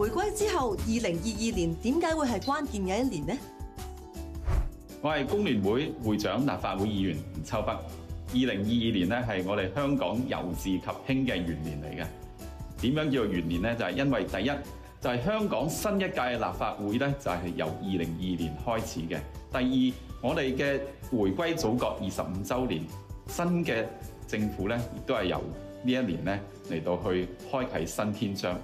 回歸之後，二零二二年點解會係關鍵嘅一年呢？我係工聯會會長、立法會議員吳秋北。二零二二年咧，係我哋香港由治及興嘅元年嚟嘅。點樣叫做元年咧？就係、是、因為第一就係、是、香港新一屆立法會咧就係、是、由二零二二年開始嘅。第二，我哋嘅回歸祖國二十五周年，新嘅政府咧亦都係由呢一年咧嚟到去開啟新篇章。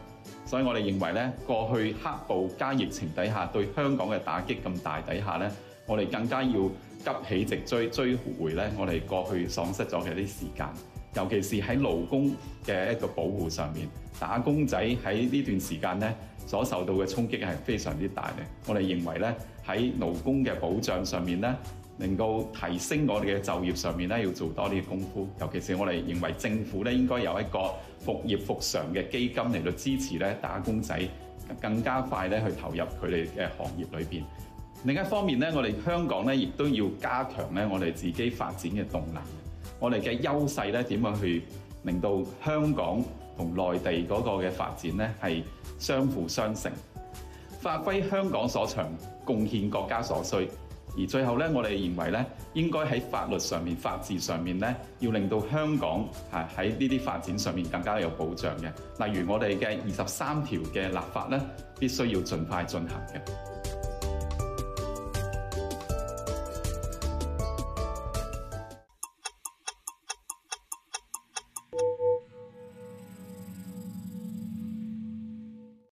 所以我哋認為咧，過去黑暴加疫情底下對香港嘅打擊咁大底下咧，我哋更加要急起直追，追回咧我哋過去喪失咗嘅啲時間。尤其是喺勞工嘅一個保護上面，打工仔喺呢段時間所受到嘅衝擊係非常之大嘅。我哋認為咧，喺勞工嘅保障上面呢，能夠提升我哋嘅就業上面呢，要做多啲功夫。尤其是我哋認為政府咧，應該有一個復業復常嘅基金嚟到支持咧，打工仔更加快咧去投入佢哋嘅行業裏面。另一方面呢，我哋香港咧，亦都要加強咧我哋自己發展嘅動力。我哋嘅優勢咧，點樣去令到香港同內地嗰個嘅發展咧，係相輔相成，發揮香港所長，貢獻國家所需。而最後咧，我哋認為咧，應該喺法律上面、法治上面咧，要令到香港係喺呢啲發展上面更加有保障嘅。例如我哋嘅二十三條嘅立法咧，必須要盡快進行嘅。